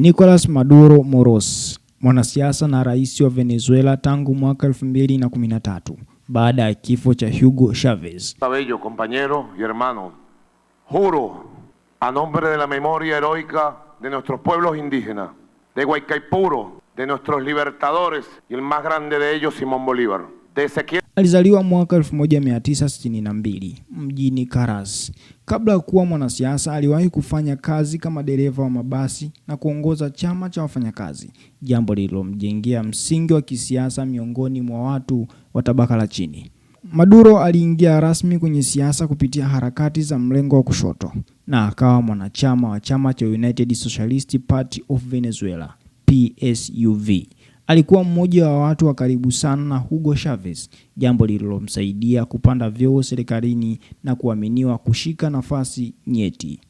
Nicolas Maduro Moros, mwanasiasa na rais wa Venezuela tangu mwaka 2013 baada ya kifo cha Hugo Chavez. Bello compañero y hermano, juro a nombre de la memoria heroica de nuestros pueblos indígenas, de Guaycaipuro, de nuestros libertadores y el más grande de ellos Simón Bolívar. De ese Alizaliwa mwaka 1962 mjini Karas. Kabla ya kuwa mwanasiasa, aliwahi kufanya kazi kama dereva wa mabasi na kuongoza chama cha wafanyakazi, jambo lililomjengea msingi wa kisiasa miongoni mwa watu wa tabaka la chini. Maduro aliingia rasmi kwenye siasa kupitia harakati za mrengo wa kushoto na akawa mwanachama wa chama cha United Socialist Party of Venezuela, PSUV Alikuwa mmoja wa watu wa karibu sana na Hugo Chavez, jambo lililomsaidia kupanda vyeo serikalini na kuaminiwa kushika nafasi nyeti.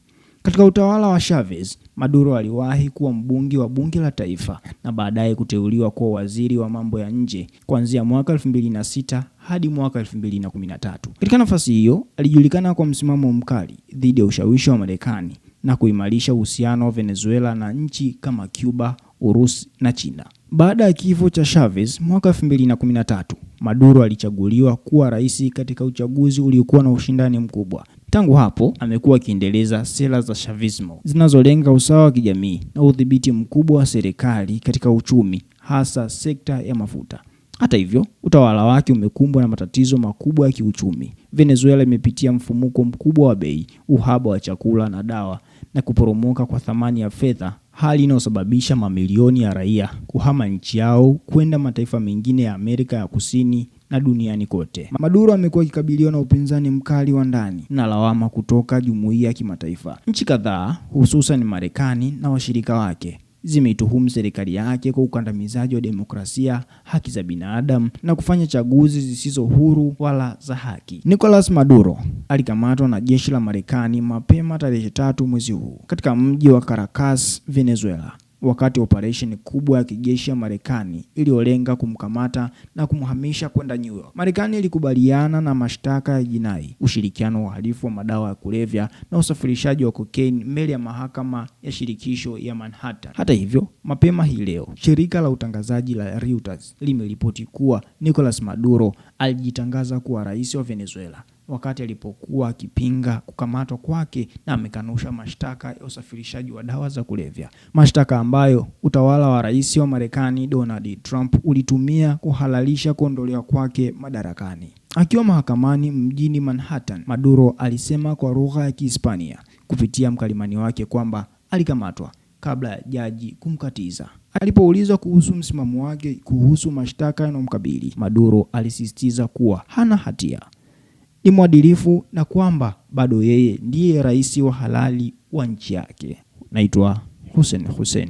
Katika utawala wa Chavez, Maduro aliwahi kuwa mbunge wa bunge la taifa na baadaye kuteuliwa kuwa waziri wa mambo ya nje kuanzia mwaka 2006 hadi mwaka 2013. Katika nafasi hiyo, alijulikana kwa msimamo mkali dhidi ya ushawishi wa Marekani na kuimarisha uhusiano wa Venezuela na nchi kama Cuba, Urusi na China. Baada ya kifo cha Chavez mwaka 2013, Maduro alichaguliwa kuwa rais katika uchaguzi uliokuwa na ushindani mkubwa. Tangu hapo amekuwa akiendeleza sera za Chavismo zinazolenga usawa wa kijamii na udhibiti mkubwa wa serikali katika uchumi, hasa sekta ya mafuta. Hata hivyo, utawala wake umekumbwa na matatizo makubwa ya kiuchumi. Venezuela imepitia mfumuko mkubwa wa bei, uhaba wa chakula na dawa, na kuporomoka kwa thamani ya fedha hali inayosababisha mamilioni ya raia kuhama nchi yao kwenda mataifa mengine ya Amerika ya Kusini na duniani kote. Maduro amekuwa akikabiliwa na upinzani mkali wa ndani na lawama kutoka jumuiya ya kimataifa. Nchi kadhaa hususan Marekani na washirika wake zimeituhumu serikali yake kwa ukandamizaji wa demokrasia, haki za binadamu na kufanya chaguzi zisizo huru wala za haki. Nicolas Maduro alikamatwa na jeshi la Marekani mapema tarehe tatu mwezi huu katika mji wa Caracas, Venezuela wakati wa operesheni kubwa ya kijeshi ya Marekani iliyolenga kumkamata na kumhamisha kwenda New York. Marekani ilikubaliana na mashtaka ya jinai, ushirikiano wa uhalifu wa madawa ya kulevya na usafirishaji wa kokaini mbele ya mahakama ya shirikisho ya Manhattan. Hata hivyo, mapema hii leo shirika la utangazaji la Reuters limeripoti kuwa Nicolas Maduro alijitangaza kuwa rais wa Venezuela wakati alipokuwa akipinga kukamatwa kwake na amekanusha mashtaka ya usafirishaji wa dawa za kulevya, mashtaka ambayo utawala wa rais wa Marekani Donald Trump ulitumia kuhalalisha kuondolewa kwake madarakani. Akiwa mahakamani mjini Manhattan, Maduro alisema kwa lugha ya Kihispania kupitia mkalimani wake kwamba alikamatwa kabla ya jaji kumkatiza. Alipoulizwa kuhusu msimamo wake kuhusu mashtaka yanayomkabili, Maduro alisisitiza kuwa hana hatia ni mwadilifu na kwamba bado yeye ndiye rais wa halali wa nchi yake. Naitwa Hussein Hussein.